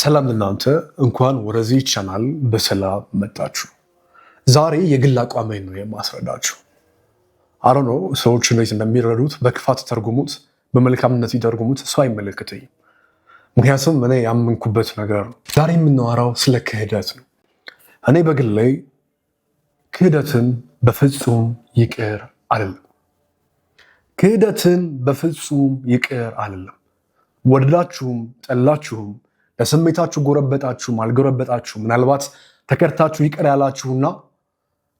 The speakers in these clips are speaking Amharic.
ሰላም እናንተ እንኳን ወደዚህ ቻናል በሰላም መጣችሁ። ዛሬ የግል አቋሜን ነው የማስረዳችሁ። አረኖ ሰዎች እንዴት እንደሚረዱት በክፋት ተርጉሙት፣ በመልካምነት ይተርጉሙት፣ እሱ አይመለከተኝም። ምክንያቱም እኔ ያመንኩበት ነገር ነው። ዛሬ የምናወራው ስለ ክህደት ነው። እኔ በግል ላይ ክህደትን በፍጹም ይቅር አልልም። ክህደትን በፍጹም ይቅር አልልም። ወደዳችሁም ጠላችሁም ለስሜታችሁ ጎረበጣችሁም አልጎረበጣችሁም ምናልባት ተከርታችሁ ይቅር ያላችሁና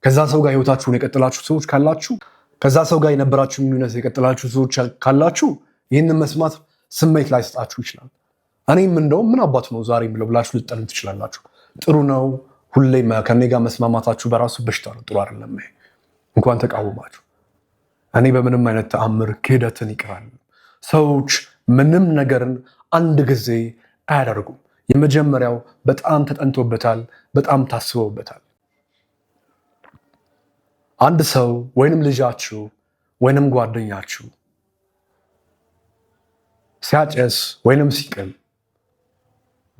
ከዛ ሰው ጋር ህይወታችሁን የቀጥላችሁ ሰዎች ካላችሁ ከዛ ሰው ጋር የነበራችሁ ግንኙነት የቀጥላችሁ ሰዎች ካላችሁ ይህንን መስማት ስሜት ላይ ሰጣችሁ ይችላል። እኔም እንደውም ምን አባቱ ነው ዛሬ ብለው ብላችሁ ልጠኑ ትችላላችሁ። ጥሩ ነው ሁሌ ከኔ ጋር መስማማታችሁ በራሱ በሽታ ነው፣ ጥሩ አይደለም። እንኳን ተቃወማችሁ። እኔ በምንም አይነት ተአምር ክህደትን ይቅራል። ሰዎች ምንም ነገርን አንድ ጊዜ አያደርጉም። የመጀመሪያው በጣም ተጠንቶበታል፣ በጣም ታስበውበታል። አንድ ሰው ወይንም ልጃችሁ ወይንም ጓደኛችሁ ሲያጨስ ወይንም ሲቅም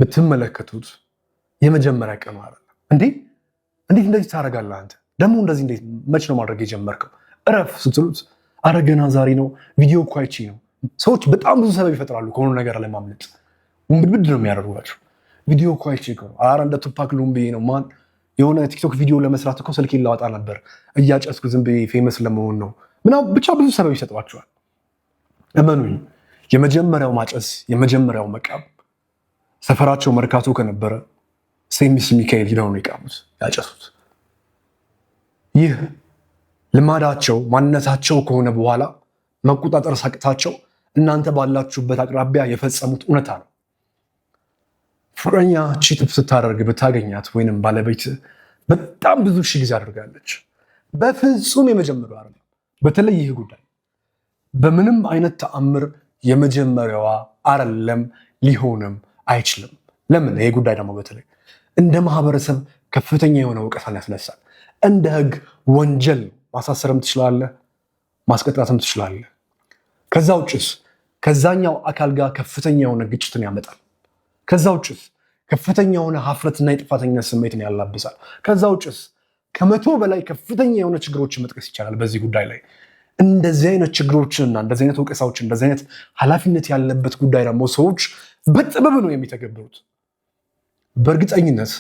ብትመለከቱት የመጀመሪያ ቀኑ አለ እንዴ፣ እንዴት እንደዚህ ታደርጋለህ? አንተ ደግሞ እንደዚህ እንዴት መች ነው ማድረግ የጀመርከው? እረፍ ስትሉት አረገና ዛሬ ነው፣ ቪዲዮ እኮ አይቼ ነው። ሰዎች በጣም ብዙ ሰበብ ይፈጥራሉ ከሆኑ ነገር ለማምለጥ። ውንብድብድ ነው የሚያደርጓቸው። ቪዲዮ እኮ አይቼ እኮ ነው ኧረ እንደ ቱፓክ ሉም ብዬ ነው ማን የሆነ ቲክቶክ ቪዲዮ ለመስራት እኮ ስልኬን ላወጣ ነበር እያጨስኩ ዝም ብዬ ፌመስ ለመሆን ነው ምና ብቻ ብዙ ሰበብ ይሰጥባቸዋል። እመኑኝ የመጀመሪያው ማጨስ የመጀመሪያው መቃም ሰፈራቸው መርካቶ ከነበረ ሴሚስ ሚካኤል ሂደው ነው የቃሙት ያጨሱት። ይህ ልማዳቸው ማንነታቸው ከሆነ በኋላ መቆጣጠር ሳቅታቸው እናንተ ባላችሁበት አቅራቢያ የፈጸሙት እውነታ ነው። ፍቅረኛ ቺት ስታደርግ ብታገኛት ወይንም ባለቤት በጣም ብዙ ሺ ጊዜ አድርጋለች። በፍጹም የመጀመሪያ አይደለም። በተለይ ይህ ጉዳይ በምንም አይነት ተአምር የመጀመሪያዋ አይደለም፣ ሊሆንም አይችልም። ለምን? ይህ ጉዳይ ደግሞ በተለይ እንደ ማህበረሰብ ከፍተኛ የሆነ ወቀሳን ያስነሳል። እንደ ህግ ወንጀል ማሳሰርም ትችላለህ፣ ማስቀጣትም ትችላለህ። ከዛ ውጭስ ከዛኛው አካል ጋር ከፍተኛ የሆነ ግጭትን ያመጣል። ከዛ ውጭስ ከፍተኛ የሆነ ሀፍረትና የጥፋተኝነት ስሜትን ያላብሳል። ከዛ ውጭስ ከመቶ በላይ ከፍተኛ የሆነ ችግሮችን መጥቀስ ይቻላል። በዚህ ጉዳይ ላይ እንደዚህ አይነት ችግሮችንና እንደዚህ አይነት ወቀሳዎችን እንደዚህ አይነት ኃላፊነት ያለበት ጉዳይ ደግሞ ሰዎች በጥበብ ነው የሚተገብሩት። በእርግጠኝነት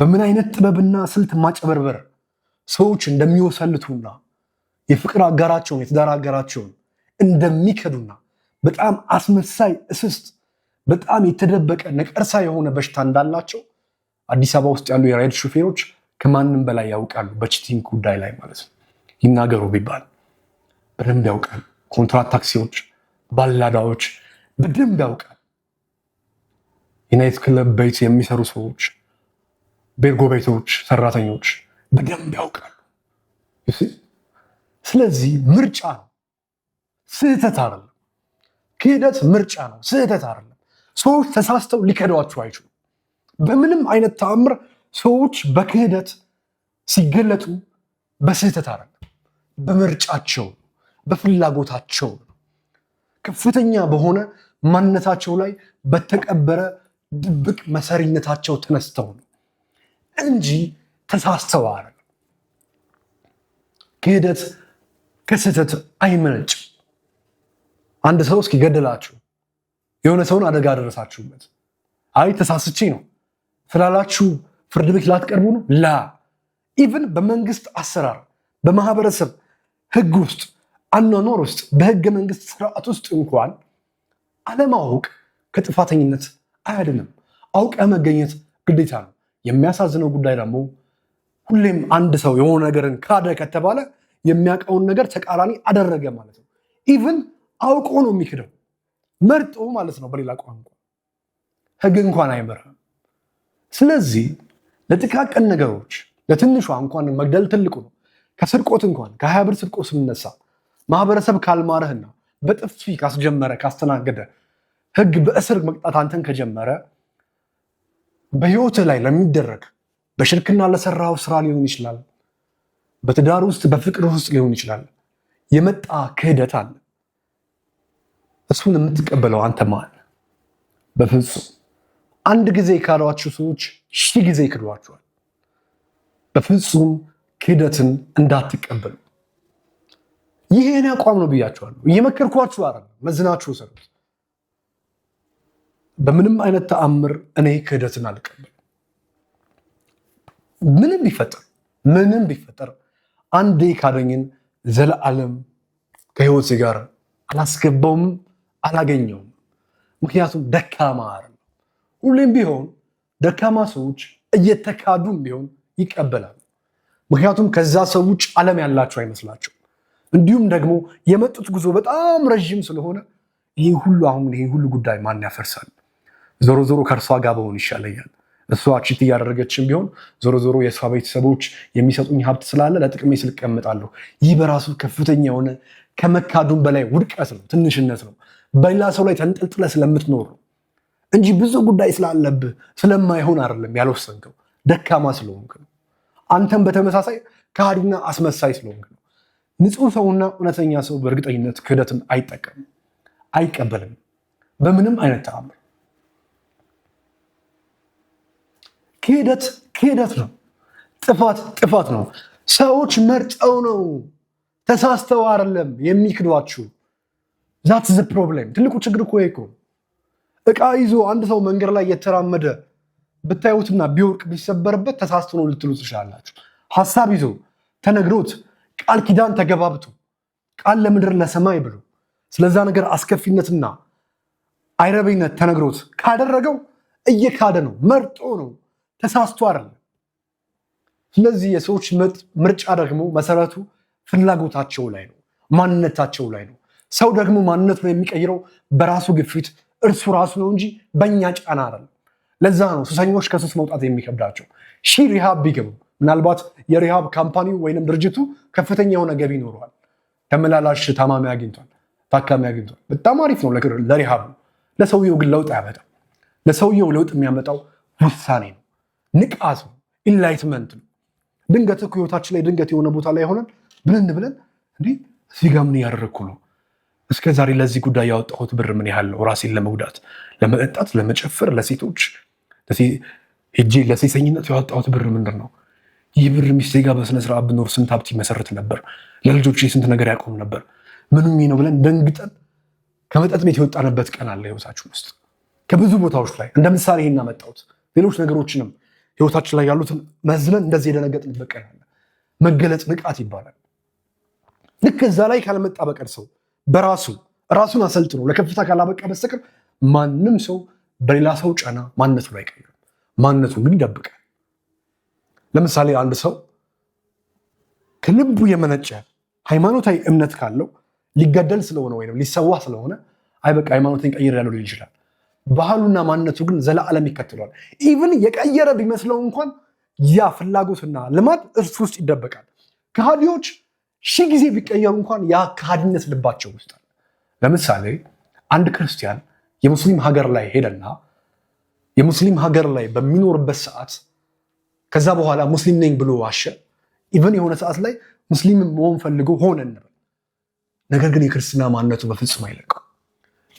በምን አይነት ጥበብና ስልት ማጨበርበር ሰዎች እንደሚወሰልቱና የፍቅር አጋራቸውን የትዳር አጋራቸውን እንደሚከዱና በጣም አስመሳይ እስስት በጣም የተደበቀ ነቀርሳ የሆነ በሽታ እንዳላቸው አዲስ አበባ ውስጥ ያሉ የራይድ ሹፌሮች ከማንም በላይ ያውቃሉ። በችቲንግ ጉዳይ ላይ ማለት ነው። ይናገሩ ቢባል በደንብ ያውቃል። ኮንትራት ታክሲዎች፣ ባላዳዎች በደንብ ያውቃል። የናይት ክለብ ቤት የሚሰሩ ሰዎች፣ ቤርጎ ቤቶች ሰራተኞች በደንብ ያውቃሉ። ስለዚህ ምርጫ ነው፣ ስህተት አይደለም። ክህደት ምርጫ ነው፣ ስህተት አይደለም። ሰዎች ተሳስተው ሊከዷችሁ አይችሉም። በምንም አይነት ተአምር ሰዎች በክህደት ሲገለጡ በስህተት አይደለም፣ በምርጫቸው በፍላጎታቸው ከፍተኛ በሆነ ማንነታቸው ላይ በተቀበረ ድብቅ መሰሪነታቸው ተነስተው ነው እንጂ ተሳስተው አይደለም። ክህደት ከስህተት አይመነጭም። አንድ ሰው እስኪገደላችሁ የሆነ ሰውን አደጋ አደረሳችሁበት። አይ ተሳስቼ ነው ስላላችሁ ፍርድ ቤት ላትቀርቡ ነው ላ ኢቭን በመንግስት አሰራር በማህበረሰብ ህግ ውስጥ አኗኗር ውስጥ በህገ መንግስት ስርዓት ውስጥ እንኳን አለማወቅ ከጥፋተኝነት አያድንም። አውቅ መገኘት ግዴታ ነው። የሚያሳዝነው ጉዳይ ደግሞ ሁሌም አንድ ሰው የሆነ ነገርን ካደ ከተባለ የሚያውቀውን ነገር ተቃራኒ አደረገ ማለት ነው። ኢቭን አውቆ ነው የሚክደው። መርጦ ማለት ነው። በሌላ ቋንቋ ህግ እንኳን አይመራም። ስለዚህ ለጥቃቅን ነገሮች ለትንሿ እንኳን መግደል ትልቁ ነው። ከስርቆት እንኳን ከሀያ ብር ስርቆት ስንነሳ ማህበረሰብ ካልማረህና በጥፊ ካስጀመረ ካስተናገደ ህግ በእስር መቅጣት አንተን ከጀመረ በህይወት ላይ ለሚደረግ በሽርክና ለሰራው ስራ ሊሆን ይችላል፣ በትዳር ውስጥ በፍቅር ውስጥ ሊሆን ይችላል የመጣ ክህደት አለ። እሱን የምትቀበለው አንተ ማን? በፍጹም አንድ ጊዜ ካሏቸው ሰዎች ሺህ ጊዜ ይክዷችኋል። በፍጹም ክህደትን እንዳትቀበሉ። ይሄ የኔ አቋም ነው ብያችኋለሁ። እየመከርኳችሁ አረ መዝናችሁ ሰሩት። በምንም አይነት ተአምር እኔ ክህደትን አልቀበልም። ምንም ቢፈጠር ምንም ቢፈጠር አንዴ ካደኝን ዘለዓለም ከህይወት ጋር አላስገባውም። አላገኘውም። ምክንያቱም ደካማ አይደለም። ሁሌም ቢሆን ደካማ ሰዎች እየተካዱም ቢሆን ይቀበላሉ። ምክንያቱም ከዛ ሰው ውጭ ዓለም ያላቸው አይመስላቸው። እንዲሁም ደግሞ የመጡት ጉዞ በጣም ረዥም ስለሆነ ይህ ሁሉ አሁን ይህ ሁሉ ጉዳይ ማን ያፈርሳል? ዞሮ ዞሮ ከእርሷ ጋር በሆን ይሻለኛል። እሷ ቺት እያደረገችን ቢሆን ዞሮ ዞሮ የእሷ ቤተሰቦች የሚሰጡኝ ሀብት ስላለ ለጥቅሜ ስል እቀመጣለሁ። ይህ በራሱ ከፍተኛ የሆነ ከመካዱን በላይ ውድቀት ነው፣ ትንሽነት ነው። በሌላ ሰው ላይ ተንጠልጥለ ስለምትኖር ነው እንጂ ብዙ ጉዳይ ስላለብህ ስለማይሆን አይደለም ያልወሰንከው፣ ደካማ ስለሆንክ ነው። አንተም በተመሳሳይ ከሃዲና አስመሳይ ስለሆንክ ነው። ሰውና እውነተኛ ሰው በእርግጠኝነት ክህደትን አይጠቀም አይቀበልም በምንም አይነት ተአምር። ክህደት ክህደት ነው። ጥፋት ጥፋት ነው። ሰዎች መርጠው ነው ተሳስተው አይደለም የሚክዷችሁ። ዛት ዘ ፕሮብሌም። ትልቁ ችግር እኮ እኮ እቃ ይዞ አንድ ሰው መንገድ ላይ እየተራመደ ብታዩትና ቢወርቅ ቢሰበርበት ተሳስቶ ነው ልትሉ ትችላላችሁ። ሀሳብ ይዞ ተነግሮት ቃል ኪዳን ተገባብቶ ቃል ለምድር ለሰማይ ብሎ ስለዛ ነገር አስከፊነትና አይረበኝነት ተነግሮት ካደረገው እየካደ ነው፣ መርጦ ነው ተሳስቶ አይደለም። ስለዚህ የሰዎች ምርጫ ደግሞ መሰረቱ ፍላጎታቸው ላይ ነው፣ ማንነታቸው ላይ ነው። ሰው ደግሞ ማንነቱን የሚቀይረው በራሱ ግፊት እርሱ ራሱ ነው እንጂ በእኛ ጫና አይደለም። ለዛ ነው ሱሰኞች ከሱስ መውጣት የሚከብዳቸው። ሺ ሪሃብ ቢገቡ ምናልባት የሪሃብ ካምፓኒው ወይንም ድርጅቱ ከፍተኛ የሆነ ገቢ ይኖረዋል። ተመላላሽ ታማሚ አግኝቷል፣ ታካሚ አግኝቷል። በጣም አሪፍ ነው ለሪሃብ። ለሰውየው ግን ለውጥ አያመጣም። ለሰውየው ለውጥ የሚያመጣው ውሳኔ ነው። ንቃት ነው፣ ኢንላይትመንት ነው። ድንገት እኮ ህይወታችን ላይ ድንገት የሆነ ቦታ ላይ ሆነን ብለን ብለን እንዲህ እዚህ ጋር ምን እያደረግኩ ነው? እስከ ዛሬ ለዚህ ጉዳይ ያወጣሁት ብር ምን ያህል ነው? ራሴን ለመጉዳት፣ ለመጠጣት፣ ለመጨፈር፣ ለሴቶች ሄጄ ለሴሰኝነት ያወጣሁት ብር ምንድን ነው? ይህ ብር ሚስቴ ጋር በስነስርዓት ብኖር ስንት ሀብት ይመሰረት ነበር? ለልጆች ስንት ነገር ያቆም ነበር? ምንም ነው ብለን ደንግጠን ከመጠጥ ቤት የወጣንበት ቀን አለ ህይወታችን ውስጥ ከብዙ ቦታዎች ላይ እንደ ምሳሌ ይህን አመጣሁት። ሌሎች ነገሮችንም ህይወታችን ላይ ያሉትን መዝነን እንደዚህ የደነገጥንበት ቀን አለ። መገለጽ ንቃት ይባላል። ልክ እዛ ላይ ካልመጣ በቀር ሰው በራሱ ራሱን አሰልጥኖ ለከፍታ ካላበቃ በስተቀር ማንም ሰው በሌላ ሰው ጫና ማንነቱን አይቀይርም። ማንነቱን ግን ይደብቃል። ለምሳሌ አንድ ሰው ከልቡ የመነጨ ሃይማኖታዊ እምነት ካለው ሊገደል ስለሆነ ወይም ሊሰዋ ስለሆነ አይ በቃ ሃይማኖትን ቀይር ያለው ሊል ይችላል። ባህሉና ማንነቱ ግን ዘለዓለም ይከትሏል። ኢቭን የቀየረ ቢመስለው እንኳን ያ ፍላጎትና ልማድ እርሱ ውስጥ ይደበቃል። ከሃዲዎች ሺህ ጊዜ ቢቀየሩ እንኳን ያ ከሃዲነት ልባቸው ውስጥ አለ። ለምሳሌ አንድ ክርስቲያን የሙስሊም ሀገር ላይ ሄደና የሙስሊም ሀገር ላይ በሚኖርበት ሰዓት ከዛ በኋላ ሙስሊም ነኝ ብሎ ዋሸ። ኢቨን የሆነ ሰዓት ላይ ሙስሊም መሆን ፈልጎ ሆነ እንበል። ነገር ግን የክርስትና ማንነቱ በፍጹም አይለቀው።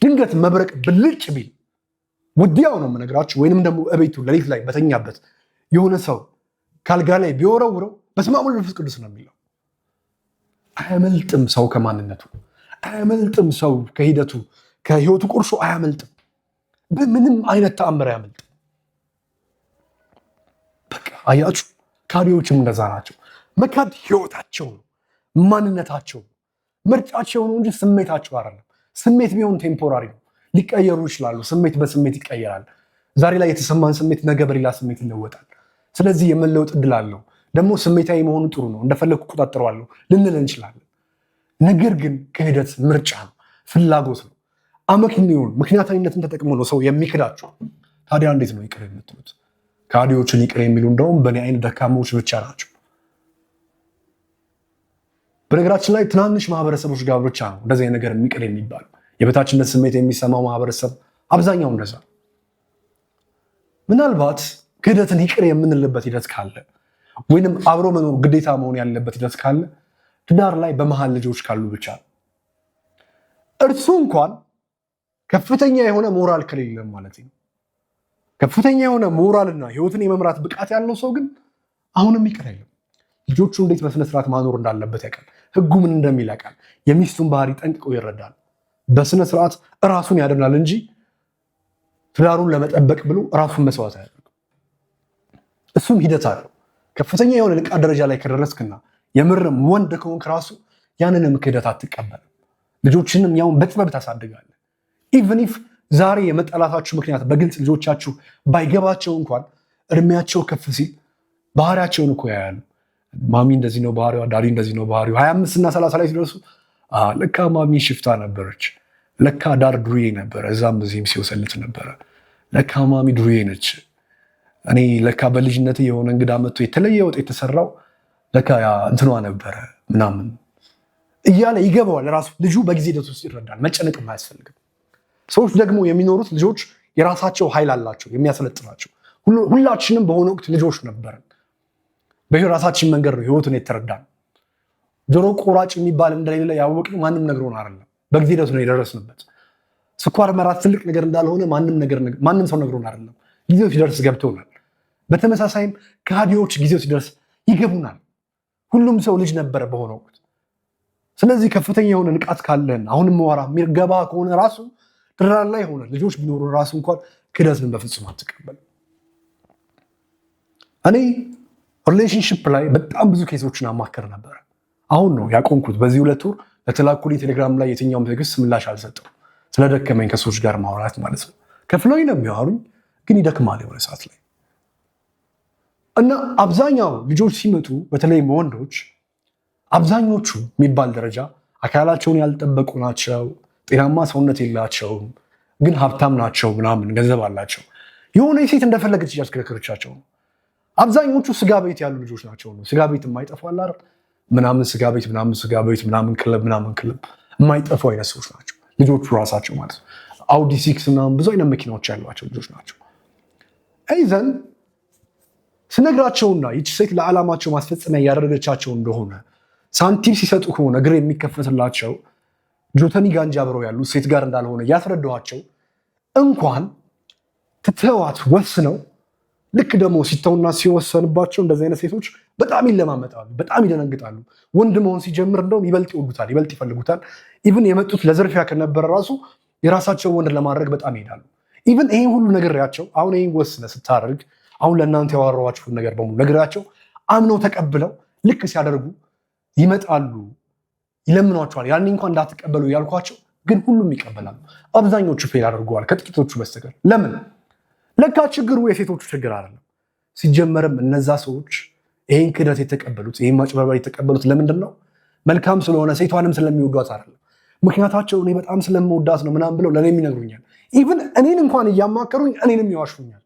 ድንገት መብረቅ ብልጭ ቢል ውዲያው ነው የምነግራችሁ። ወይንም ደግሞ እቤቱ ሌሊት ላይ በተኛበት የሆነ ሰው ካልጋ ላይ ቢወረውረው በስመ አብ ቅዱስ ነው የሚለው። አያመልጥም ሰው ከማንነቱ አያመልጥም ሰው ከሂደቱ ከህይወቱ ቁርሱ አያመልጥም። በምንም አይነት ተአምር አያመልጥም። በቃ አያችሁ፣ ካሪዎችም እንደዛ ናቸው። መካድ ህይወታቸው ነው፣ ማንነታቸው ነው፣ ምርጫቸው ነው እንጂ ስሜታቸው አይደለም። ስሜት ቢሆን ቴምፖራሪ ነው። ሊቀየሩ ይችላሉ። ስሜት በስሜት ይቀየራል። ዛሬ ላይ የተሰማን ስሜት ነገ በሌላ ስሜት ይለወጣል። ስለዚህ የመለወጥ እድል አለው። ደግሞ ስሜታዊ መሆኑ ጥሩ ነው። እንደፈለግኩ እቆጣጠረዋለሁ ልንል እንችላለን። ነገር ግን ክህደት ምርጫ ነው፣ ፍላጎት ነው። አመክንዮን ምክንያታዊነትን ተጠቅሞ ነው ሰው የሚክዳቸው። ታዲያ እንዴት ነው ይቅር የምትሉት? ከሃዲዎችን ይቅር የሚሉ እንደውም በእኔ አይነት ደካማዎች ብቻ ናቸው። በነገራችን ላይ ትናንሽ ማህበረሰቦች ጋር ብቻ ነው እንደዚህ ነገር ይቅር የሚባሉ የበታችነት ስሜት የሚሰማው ማህበረሰብ አብዛኛው እንደዛ። ምናልባት ክህደትን ይቅር የምንልበት ሂደት ካለ ወይንም አብሮ መኖር ግዴታ መሆን ያለበት ሂደት ካለ ትዳር ላይ በመሃል ልጆች ካሉ ብቻ እርሱ እንኳን ከፍተኛ የሆነ ሞራል ከሌለም ማለት ነው። ከፍተኛ የሆነ ሞራልና ህይወትን የመምራት ብቃት ያለው ሰው ግን አሁንም ይቅር አይልም። ልጆቹ እንዴት በስነስርዓት ማኖር እንዳለበት ያውቃል። ህጉ ምን እንደሚል ያውቃል። የሚስቱን ባህሪ ጠንቅቆ ይረዳል። በስነ ስርዓት እራሱን ያድናል እንጂ ትዳሩን ለመጠበቅ ብሎ እራሱን መስዋዕት አያደርግም። እሱም ሂደት አለው። ከፍተኛ የሆነ ንቃት ደረጃ ላይ ከደረስክና የምርም ወንድ ከሆንክ ራሱ ያንንም ክህደት አትቀበልም። ልጆችንም ያውን በጥበብ ታሳድጋለህ። ኢቨን ኢፍ ዛሬ የመጠላታችሁ ምክንያት በግልጽ ልጆቻችሁ ባይገባቸው እንኳን እድሜያቸው ከፍ ሲል ባህሪያቸውን እኮ ያያሉ። ማሚ እንደዚህ ነው ባህሪዋ፣ ዳሪ እንደዚህ ነው ባህሪው። ሀያ አምስት እና ሰላሳ ላይ ሲደርሱ ለካ ማሚ ሽፍታ ነበረች፣ ለካ ዳር ዱርዬ ነበረ፣ እዛም እዚህም ሲወሰልት ነበረ፣ ለካ ማሚ ዱርዬ ነች። እኔ ለካ በልጅነት የሆነ እንግዳ መጥቶ የተለየ ወጥ የተሰራው ለካ እንትኗ ነበረ ምናምን እያለ ይገባዋል። ራሱ ልጁ በጊዜ ደት ውስጥ ይረዳል። መጨነቅም አያስፈልግም። ሰዎች ደግሞ የሚኖሩት ልጆች የራሳቸው ኃይል አላቸው የሚያሰለጥናቸው። ሁላችንም በሆነ ወቅት ልጆች ነበርን። በራሳችን መንገድ ነው ህይወትን የተረዳን። ጆሮ ቆራጭ የሚባል እንደሌለ ያወቅ ማንም ነግሮን አይደለም። በጊዜ ደስ ነው የደረስንበት። ስኳር መራት ትልቅ ነገር እንዳልሆነ ማንም ሰው ነግሮን አይደለም። ጊዜው ሲደርስ ገብቶናል። በተመሳሳይም ከሃዲዎች ጊዜው ሲደርስ ይገቡናል። ሁሉም ሰው ልጅ ነበረ በሆነ ወቅት። ስለዚህ ከፍተኛ የሆነ ንቃት ካለን አሁንም ወራ የሚገባ ከሆነ ራሱ ድራ ላይ ሆነ ልጆች ቢኖሩ ራሱ እንኳን ክደትን በፍጹም አትቀበል። እኔ ሪሌሽንሽፕ ላይ በጣም ብዙ ኬሶችን አማከር ነበር። አሁን ነው ያቆምኩት። በዚህ ሁለት ወር ለተላኩልኝ ቴሌግራም ላይ የትኛውም ትዕግስት ምላሽ አልሰጠው። ስለደከመኝ ከሰዎች ጋር ማውራት ማለት ነው። ከፍለውኝ ነው የሚያወሩኝ፣ ግን ይደክማል የሆነ ሰዓት ላይ እና አብዛኛው ልጆች ሲመጡ በተለይ ወንዶች አብዛኞቹ የሚባል ደረጃ አካላቸውን ያልጠበቁ ናቸው። ጤናማ ሰውነት የላቸውም፣ ግን ሀብታም ናቸው፣ ምናምን ገንዘብ አላቸው። የሆነ ሴት እንደፈለገች እያስከረከረቻቸው ነው። አብዛኞቹ ስጋ ቤት ያሉ ልጆች ናቸው። ስጋ ቤት የማይጠፋ ምናምን ስጋ ቤት ምናምን ስጋ ቤት ምናምን ክለብ ምናምን ክለብ የማይጠፉ አይነት ሰዎች ናቸው ልጆቹ ራሳቸው ማለት ነው። አውዲ ሲክስ ምናምን ብዙ አይነት መኪናዎች ያሏቸው ልጆች ናቸው። ይዘን ስነግራቸውና ይች ሴት ለዓላማቸው ማስፈጸሚያ እያደረገቻቸው እንደሆነ ሳንቲም ሲሰጡ ከሆነ እግር የሚከፈትላቸው ጆተኒ ጋንጂ አብረው ያሉት ሴት ጋር እንዳልሆነ እያስረዳኋቸው እንኳን ትተዋት ወስነው ልክ ደግሞ ሲተውና ሲወሰንባቸው እንደዚህ አይነት ሴቶች በጣም ይለማመጣሉ፣ በጣም ይደነግጣሉ። ወንድ መሆን ሲጀምር እንደውም ይበልጥ ይወዱታል፣ ይበልጥ ይፈልጉታል። ኢቭን የመጡት ለዝርፊያ ከነበረ ራሱ የራሳቸው ወንድ ለማድረግ በጣም ይሄዳሉ። ኢቭን ይህን ሁሉ ነግሬያቸው አሁን ይህ ወስነ ስታደርግ አሁን ለእናንተ ያወራኋችሁን ነገር በሙሉ ነግሬያቸው አምነው ተቀብለው ልክ ሲያደርጉ ይመጣሉ፣ ይለምኗቸዋል። ያን እንኳ እንዳትቀበሉ እያልኳቸው ግን ሁሉም ይቀበላሉ። አብዛኞቹ ፌል አድርገዋል ከጥቂቶቹ በስተቀር ለምን ለካ ችግሩ የሴቶቹ ችግር አይደለም። ሲጀመርም እነዛ ሰዎች ይህን ክደት የተቀበሉት ይህን ማጭበርበር የተቀበሉት ለምንድን ነው? መልካም ስለሆነ ሴቷንም ስለሚወዷት አይደለም። ምክንያታቸው እኔ በጣም ስለምወዳት ነው ምናምን ብለው ለእኔም ይነግሩኛል። ኢቭን እኔን እንኳን እያማከሩኝ እኔንም ይዋሹኛል።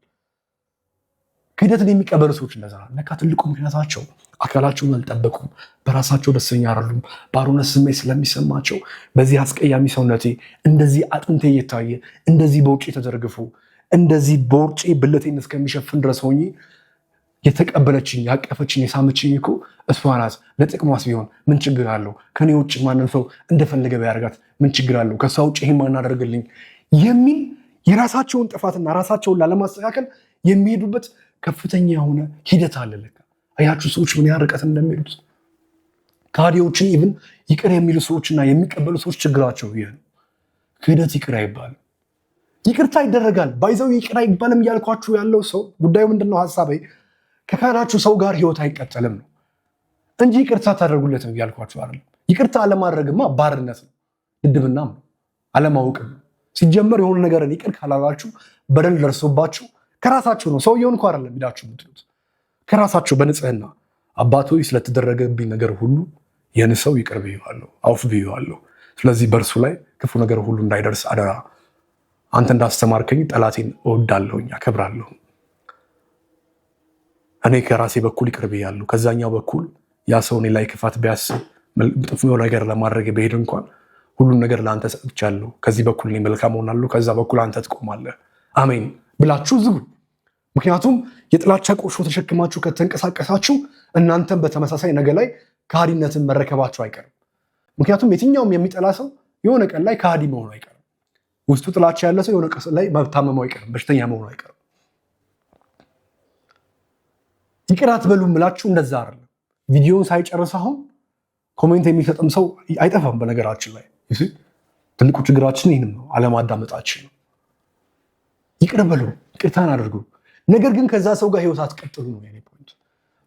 ክደትን የሚቀበሉ ሰዎች እንደዛ ለካ ትልቁ ምክንያታቸው አካላቸውን አልጠበቁም፣ በራሳቸው ደስተኛ አይደሉም፣ ባሩነት ስሜት ስለሚሰማቸው በዚህ አስቀያሚ ሰውነቴ እንደዚህ አጥንቴ እየታየ እንደዚህ በውጭ ተዘርግፉ እንደዚህ በውርጬ ብልቴን እስከሚሸፍን ድረስ ሆኜ የተቀበለችኝ ያቀፈችኝ የሳመችኝ እኮ እሷ ናት። ለጥቅሟስ ቢሆን ምን ችግር አለው? ከኔ ውጭ ማንም ሰው እንደፈለገ ቢያደርጋት ምን ችግር አለው? ከእሷ ውጭ ይሄ ማናደርግልኝ የሚል የራሳቸውን ጥፋትና ራሳቸውን ላለማስተካከል የሚሄዱበት ከፍተኛ የሆነ ሂደት አለ። ለካ አያችሁ ሰዎች ምን ያህል ርቀት እንደሚሄዱት። ካዲዎችን ኢቭን ይቅር የሚሉ ሰዎችና የሚቀበሉ ሰዎች ችግራቸው ይህ ነው። ክህደት ይቅር አይባልም። ይቅርታ ይደረጋል። ባይዘው ይቅር አይባልም እያልኳችሁ ያለው ሰው ጉዳዩ ምንድን ነው? ሀሳቤ ከካላችሁ ሰው ጋር ህይወት አይቀጠልም ነው እንጂ ይቅርታ ታደርጉለትም እያልኳችሁ አይደለም። ይቅርታ አለማድረግማ ባርነት ነው፣ ድድብናም ነው፣ አለማወቅም ነው። ሲጀመር የሆኑ ነገርን ይቅር ካላላችሁ በደል ደርሶባችሁ ከራሳችሁ ነው። ሰውየውን እንኳ አይደለም ሄዳችሁ የምትሉት ከራሳችሁ በንጽህና አባቶ ስለተደረገብኝ ነገር ሁሉ የንሰው ሰው ይቅር ብዬዋለሁ፣ አውፍ ብዬዋለሁ። ስለዚህ በእርሱ ላይ ክፉ ነገር ሁሉ እንዳይደርስ አደራ አንተ እንዳስተማርከኝ ጠላቴን እወዳለሁኝ፣ አከብራለሁ። እኔ ከራሴ በኩል ይቅርብ ያሉ ከዛኛው በኩል ያ ሰው እኔ ላይ ክፋት ቢያስብ ጥፎ ነገር ለማድረግ ብሄድ እንኳን ሁሉን ነገር ለአንተ ሰጥቻለሁ። ከዚህ በኩል እኔ መልካም ሆናለሁ፣ ከዛ በኩል አንተ ትቆማለህ። አሜን ብላችሁ ዝጉ። ምክንያቱም የጥላቻ ቆሾ ተሸክማችሁ ከተንቀሳቀሳችሁ እናንተም በተመሳሳይ ነገ ላይ ከሃዲነትን መረከባችሁ አይቀርም። ምክንያቱም የትኛውም የሚጠላ ሰው የሆነ ቀን ላይ ከሃዲ መሆኑ አይቀርም። ውስጡ ጥላቻ ያለ ሰው የሆነ ቀስ ላይ መታመሙ አይቀርም፣ በሽተኛ መሆኑ አይቀርም። ይቅር አትበሉ ምላችሁ እንደዛ አይደለም። ቪዲዮውን ሳይጨርስ አሁን ኮሜንት የሚሰጥም ሰው አይጠፋም። በነገራችን ላይ ትልቁ ችግራችን ይህንም ነው፣ አለማዳመጣችን ነው። ይቅር በሉ፣ ይቅርታን አድርጉ። ነገር ግን ከዛ ሰው ጋር ህይወት አትቀጥሉ ነው የኔ ፖይንት።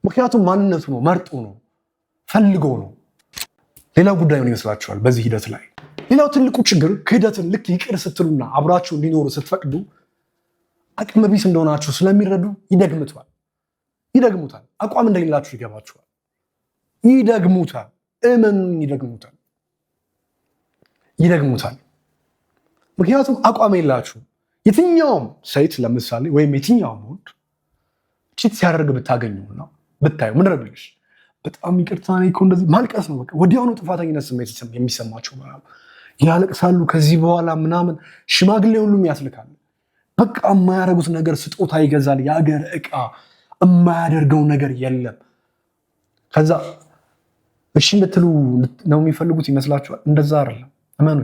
ምክንያቱም ማንነቱ ነው፣ መርጦ ነው፣ ፈልጎ ነው። ሌላ ጉዳይ ምን ይመስላችኋል በዚህ ሂደት ላይ ሌላው ትልቁ ችግር ክህደትን ልክ ይቅር ስትሉና አብራችሁ እንዲኖሩ ስትፈቅዱ አቅመ ቢስ እንደሆናችሁ ስለሚረዱ ይደግምቷል ይደግሙታል። አቋም እንደሌላችሁ ይገባችኋል። ይደግሙታል። እመኑ ይደግሙታል ይደግሙታል። ምክንያቱም አቋም የላችሁ። የትኛውም ሴት ለምሳሌ ወይም የትኛውም ወንድ ቺት ሲያደርግ ብታገኙና ብታዩ ምን በጣም ይቅርታ እኮ እንደዚህ ማልቀስ ነው። በቃ ወዲያውኑ ጥፋተኝነት ስሜት የሚሰማቸው ያለቅሳሉ። ከዚህ በኋላ ምናምን ሽማግሌ ሁሉም ያስልካል። በቃ የማያደርጉት ነገር ስጦታ ይገዛል። የአገር እቃ የማያደርገው ነገር የለም። ከዛ እሺ እንድትሉ ነው የሚፈልጉት ይመስላችኋል? እንደዛ አይደለም። እመኑ።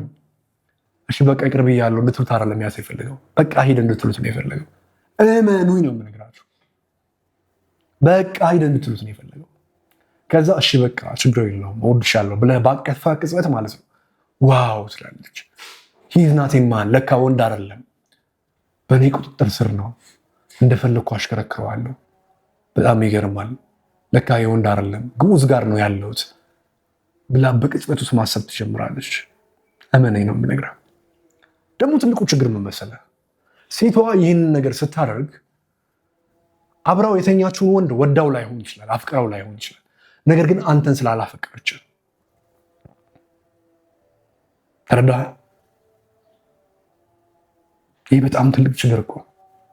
እሺ በቃ ቅርብ እያለው እንድትሉት አይደለም ያሰ ይፈልገው በቃ ሂድ እንድትሉት ነው የፈለገው። እመኑኝ ነው የምነግራችሁ። በቃ ሂድ እንድትሉት ነው የፈለገው። ከዛ እሺ በቃ ችግር የለውም እወድሻለሁ ብለህ ባቀፋ ቅጽበት ማለት ነው ዋው ትላለች። ሂዝናት ማን ለካ ወንድ አይደለም፣ በእኔ ቁጥጥር ስር ነው፣ እንደፈለግኩ አሽከረክረዋለሁ። በጣም ይገርማል። ለካ የወንድ አይደለም ግዑዝ ጋር ነው ያለሁት ብላ በቅጽበት ውስጥ ማሰብ ትጀምራለች። እመነኝ ነው የምነግርህ። ደግሞ ትልቁ ችግር ምን ሴቷ ይህንን ነገር ስታደርግ አብራው የተኛችውን ወንድ ወዳው ላይሆን ይችላል፣ አፍቅራው ላይሆን ይችላል። ነገር ግን አንተን ስላላፈቀረችን ተረዳ። ይህ በጣም ትልቅ ችግር እኮ።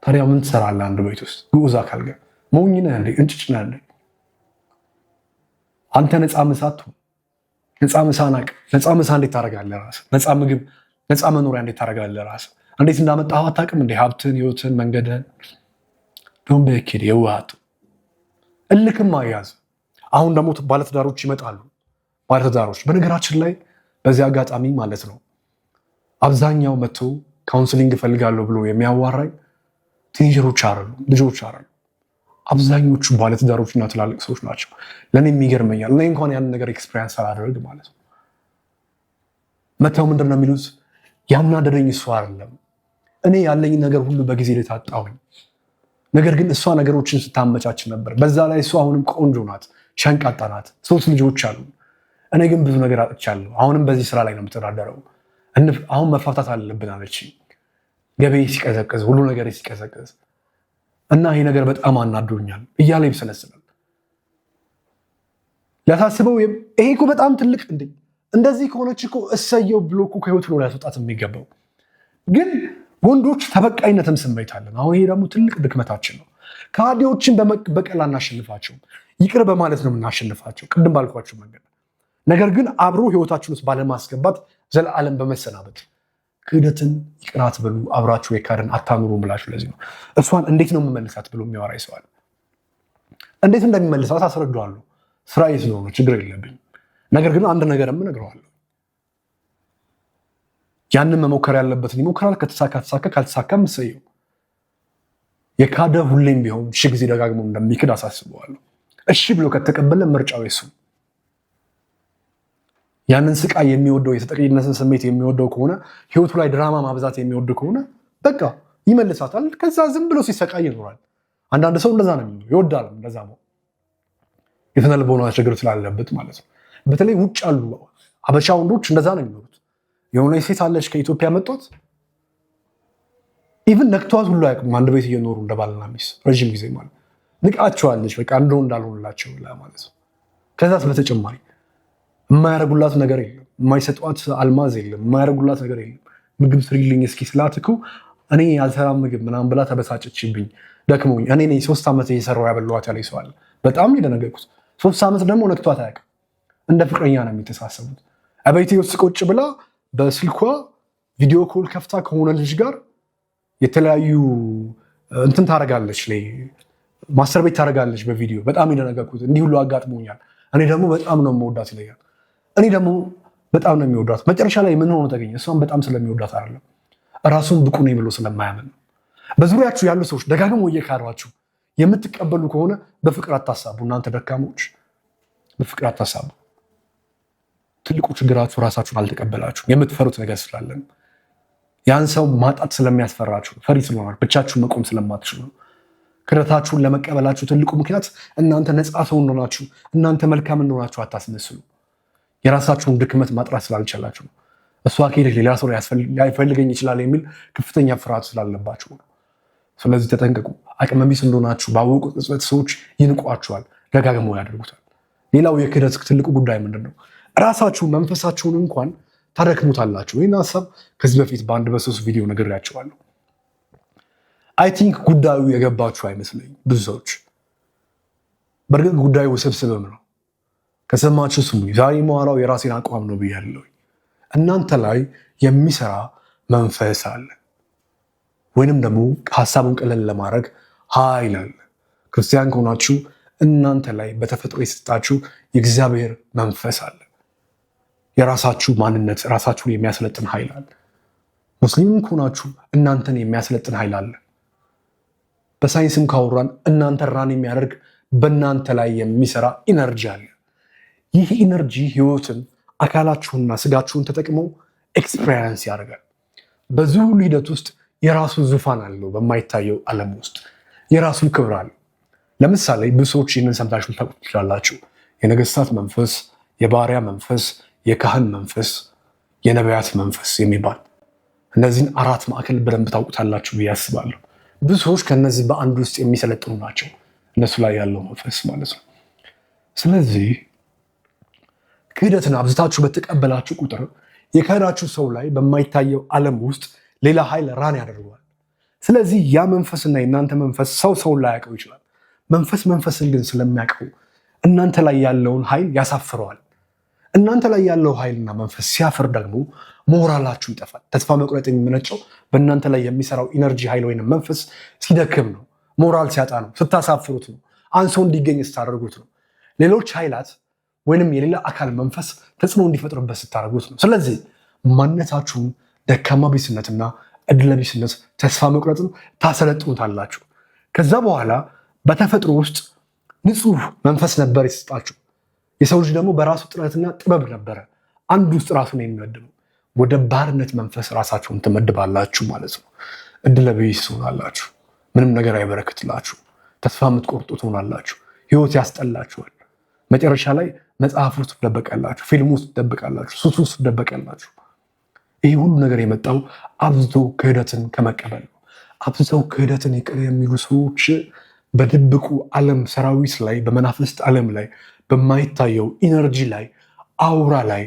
ታዲያ ምን ትሰራለህ? አንድ ቤት ውስጥ ግዑዝ አካል ጋር ሞኝ ነህ እንዴ? እንጭጭ ነህ እንዴ? አንተ ነፃ ምሳ ነፃ ምሳ ናቅ። ነፃ ምሳ እንዴት ታደርጋለህ? ራስህ ነፃ ምግብ፣ ነፃ መኖሪያ እንዴት ታደርጋለህ? ራስህ እንዴት እንዳመጣኸው አታውቅም እንዴ? ሀብትን፣ ህይወትን፣ መንገድህን ዶን በኪድ የውሃቱ እልክም አያዝ። አሁን ደግሞ ባለትዳሮች ይመጣሉ። ባለትዳሮች በነገራችን ላይ በዚህ አጋጣሚ ማለት ነው አብዛኛው መጥቶ ካውንስሊንግ እፈልጋለሁ ብሎ የሚያዋራኝ ቲኔጀሮች አሉ፣ ልጆች አሉ። አብዛኞቹ ባለትዳሮች እና ትላልቅ ሰዎች ናቸው። ለእኔ የሚገርመኛል እኔ እንኳን ያን ነገር ኤክስፔሪንስ አላደርግ ማለት ነው። መተው ምንድን ነው የሚሉት ያናደደኝ እሱ አይደለም እኔ ያለኝ ነገር ሁሉ በጊዜ ልታጣሁኝ፣ ነገር ግን እሷ ነገሮችን ስታመቻች ነበር። በዛ ላይ እሷ አሁንም ቆንጆ ናት፣ ሸንቃጣ ናት፣ ሶስት ልጆች አሉ። እኔ ግን ብዙ ነገር አጥቻለሁ። አሁንም በዚህ ስራ ላይ ነው የምተዳደረው። አሁን መፋታት አለብን አለች። ገቤ ሲቀዘቅዝ፣ ሁሉ ነገር ሲቀዘቅዝ እና ይሄ ነገር በጣም አናዶኛል እያለ ይብሰለስላል። ሊያሳስበው ይሄ እኮ በጣም ትልቅ እንደ እንደዚህ ከሆነች እኮ እሰየው ብሎ እኮ ከህይወት ነው ሊያስወጣት የሚገባው። ግን ወንዶች ተበቃይነትም ስሜት አለን። አሁን ይሄ ደግሞ ትልቅ ድክመታችን ነው። ከሃዲዎችን በመበቀል አናሸንፋቸውም፣ ይቅር በማለት ነው የምናሸንፋቸው። ቅድም ባልኳቸው መንገድ ነገር ግን አብሮ ህይወታችን ውስጥ ባለማስገባት ዘለዓለም በመሰናበት ክህደትን ይቅር ብሉ አብራችሁ የካደን አታምሩ ብላችሁ ለዚህ ነው እሷን እንዴት ነው የምመልሳት ብሎ የሚያወራ ይሰዋል። እንዴት እንደሚመልሳት አስረዳዋለሁ። ስራዬ ስለሆነ ችግር የለብኝ። ነገር ግን አንድ ነገር እነግረዋለሁ። ያንን መሞከር ያለበትን ይሞክራል። ከተሳካ ተሳካ፣ ካልተሳካም የካደ ሁሌም ቢሆን ሺህ ጊዜ ደጋግሞ እንደሚክድ አሳስበዋለሁ። እሺ ብሎ ከተቀበለ ምርጫው የሱ ያንን ስቃይ የሚወደው የተጠቂነትን ስሜት የሚወደው ከሆነ ህይወቱ ላይ ድራማ ማብዛት የሚወድ ከሆነ በቃ ይመልሳታል። ከዛ ዝም ብሎ ሲሰቃይ ይኖራል። አንዳንድ ሰው እንደዛ ነው የሚሆነው፣ ይወዳል እንደዛ ነው። የስነ ችግር ስላለበት ማለት ነው። በተለይ ውጭ አሉ አበሻ ወንዶች እንደዛ ነው የሚኖሩት። የሆነ ሴት አለች ከኢትዮጵያ መጧት ኢቭን ነክቷት ሁሉ አያውቅም። አንድ ቤት እየኖሩ እንደ ባልና ሚስት ረዥም ጊዜ ማለት ንቃቸዋለች። በቃ እንደው እንዳልሆንላቸው ማለት ነው። ከዛስ በተጨማሪ የማያደርጉላት ነገር የለም። የማይሰጧት አልማዝ የለም። የማያደርጉላት ነገር የለም። ምግብ ስሪልኝ እስኪ ስላት እኮ እኔ አልሰራም ምግብ ምናምን ብላ ተበሳጨችብኝ፣ ደክሞኝ። እኔ ነኝ ሶስት ዓመት እየሰራሁ ያበላኋት ያለኝ ሰው አለ። በጣም የደነገጥኩት ሶስት ዓመት ደግሞ ነክቷት አያውቅም። እንደ ፍቅረኛ ነው የሚተሳሰቡት። እቤቴ ውስጥ ቁጭ ብላ በስልኳ ቪዲዮ ኮል ከፍታ ከሆነ ልጅ ጋር የተለያዩ እንትን ታደርጋለች፣ ማሰር ቤት ታደርጋለች በቪዲዮ። በጣም የደነገጥኩት እንዲህ ሁሉ አጋጥሞኛል። እኔ ደግሞ በጣም ነው መወዳት ይለኛል። እኔ ደግሞ በጣም ነው የሚወዳት። መጨረሻ ላይ ምን ሆኖ ተገኘ? እሷን በጣም ስለሚወዳት አይደለም፣ ራሱን ብቁ ነኝ ብሎ ስለማያምን ነው። በዙሪያችሁ ያሉ ሰዎች ደጋግሞ እየካሯችሁ የምትቀበሉ ከሆነ በፍቅር አታሳቡ። እናንተ ደካሞች በፍቅር አታሳቡ። ትልቁ ችግራችሁ ራሳችሁን አልተቀበላችሁ፣ የምትፈሩት ነገር ስላለን ያን ሰው ማጣት ስለሚያስፈራችሁ ፈሪ ስለሆናችሁ ብቻችሁን መቆም ስለማትችሉ ነው። ክህደታችሁን ለመቀበላችሁ ትልቁ ምክንያት እናንተ ነፃ ሰው እንደሆናችሁ፣ እናንተ መልካም እንደሆናችሁ አታስመስሉ። የራሳችሁን ድክመት ማጥራት ስላልቻላችሁ ነው። እሷ ከሄደች ሌላ ሰው ሊፈልገኝ ይችላል የሚል ከፍተኛ ፍርሃት ስላለባችሁ ነው። ስለዚህ ተጠንቀቁ። አቅመ ቢስ እንደሆናችሁ ባወቁ ቅጽበት ሰዎች ይንቋችኋል፣ ደጋግመው ያደርጉታል። ሌላው የክህደት ትልቁ ጉዳይ ምንድን ነው? እራሳችሁ መንፈሳችሁን እንኳን ታደክሙታላችሁ። ይህን ሀሳብ ከዚህ በፊት በአንድ በሶስት ቪዲዮ ነግሬያቸዋለሁ። አይ ቲንክ ጉዳዩ የገባችሁ አይመስለኝ ብዙ ሰዎች። በእርግጥ ጉዳዩ ውስብስብም ነው። ከሰማችሁ ስሙ። ዛሬ መዋራው የራሴን አቋም ነው ብያለሁ። እናንተ ላይ የሚሰራ መንፈስ አለ፣ ወይንም ደግሞ ሀሳቡን ቀለል ለማድረግ ኃይል አለ። ክርስቲያን ከሆናችሁ እናንተ ላይ በተፈጥሮ የሰጣችሁ የእግዚአብሔር መንፈስ አለ። የራሳችሁ ማንነት ራሳችሁን የሚያስለጥን ኃይል አለ። ሙስሊምም ከሆናችሁ እናንተን የሚያስለጥን ኃይል አለ። በሳይንስም ካወራን እናንተ ራን የሚያደርግ በእናንተ ላይ የሚሰራ ኢነርጂ አለ። ይህ ኢነርጂ ህይወትን አካላችሁንና ስጋችሁን ተጠቅሞ ኤክስፔሪንስ ያደርጋል። በዚህ ሁሉ ሂደት ውስጥ የራሱ ዙፋን አለው። በማይታየው ዓለም ውስጥ የራሱ ክብር አለው። ለምሳሌ ብዙ ሰዎች ይህንን ሰምታችሁ ልታውቁ ትችላላችሁ። የነገስታት መንፈስ፣ የባሪያ መንፈስ፣ የካህን መንፈስ፣ የነቢያት መንፈስ የሚባል እነዚህን አራት ማዕከል በደንብ ታውቁታላችሁ ብዬ አስባለሁ። ብዙ ሰዎች ከነዚህ በአንድ ውስጥ የሚሰለጥኑ ናቸው፣ እነሱ ላይ ያለው መንፈስ ማለት ነው። ስለዚህ ክህደትን አብዝታችሁ በተቀበላችሁ ቁጥር የካዳችሁ ሰው ላይ በማይታየው ዓለም ውስጥ ሌላ ኃይል ራን ያደርገዋል። ስለዚህ ያ መንፈስና የእናንተ መንፈስ ሰው ሰውን ላያውቀው ይችላል። መንፈስ መንፈስን ግን ስለሚያውቀው እናንተ ላይ ያለውን ኃይል ያሳፍረዋል። እናንተ ላይ ያለው ኃይልና መንፈስ ሲያፍር ደግሞ ሞራላችሁ ይጠፋል። ተስፋ መቁረጥ የሚመነጨው በእናንተ ላይ የሚሰራው ኢነርጂ ኃይል ወይም መንፈስ ሲደክም ነው፣ ሞራል ሲያጣ ነው፣ ስታሳፍሩት ነው፣ አንሶ እንዲገኝ ስታደርጉት ነው። ሌሎች ኃይላት ወይንም የሌላ አካል መንፈስ ተጽዕኖ እንዲፈጥርበት ስታደርጉት ነው። ስለዚህ ማንነታችሁን ደካማ ቢስነትና እድለቢስነት፣ ተስፋ መቁረጥን ታሰለጥኑታላችሁ። ከዛ በኋላ በተፈጥሮ ውስጥ ንጹህ መንፈስ ነበር የተሰጣችሁ። የሰው ልጅ ደግሞ በራሱ ጥረትና ጥበብ ነበረ አንድ ውስጥ ራሱን የሚመድበው። ወደ ባርነት መንፈስ ራሳችሁን ትመድባላችሁ ማለት ነው። እድለቢስ ትሆናላችሁ። ምንም ነገር አይበረክትላችሁ። ተስፋ የምትቆርጡ ትሆናላችሁ። ህይወት ያስጠላችኋል። መጨረሻ ላይ መጽሐፍ ውስጥ ትደበቃላችሁ፣ ፊልም ውስጥ ትደበቃላችሁ፣ ሱስ ውስጥ ትደበቃላችሁ። ይህ ሁሉ ነገር የመጣው አብዝቶ ክህደትን ከመቀበል ነው። አብዝተው ክህደትን ይቅር የሚሉ ሰዎች በድብቁ ዓለም ሰራዊት ላይ በመናፍስት ዓለም ላይ በማይታየው ኢነርጂ ላይ አውራ ላይ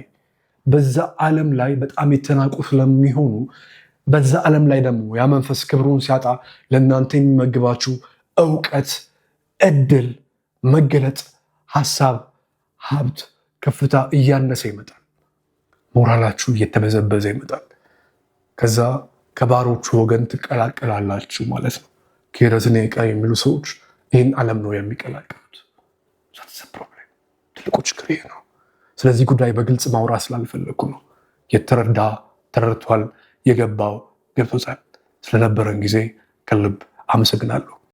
በዛ ዓለም ላይ በጣም የተናቁ ስለሚሆኑ በዛ ዓለም ላይ ደግሞ ያ መንፈስ ክብሩን ሲያጣ ለእናንተ የሚመግባችሁ እውቀት፣ እድል፣ መገለጥ፣ ሀሳብ ሀብት ከፍታ እያነሰ ይመጣል። ሞራላችሁ እየተበዘበዘ ይመጣል። ከዛ ከባሮቹ ወገን ትቀላቀላላችሁ ማለት ነው። ኬረዝኔ ቃ የሚሉ ሰዎች ይህን ዓለም ነው የሚቀላቀሉት። ፕሮብሌም ትልቁ ችግር ይሄ ነው። ስለዚህ ጉዳይ በግልጽ ማውራት ስላልፈለግኩ ነው። የተረዳ ተረድቷል፣ የገባው ገብቶታል። ስለነበረን ጊዜ ከልብ አመሰግናለሁ።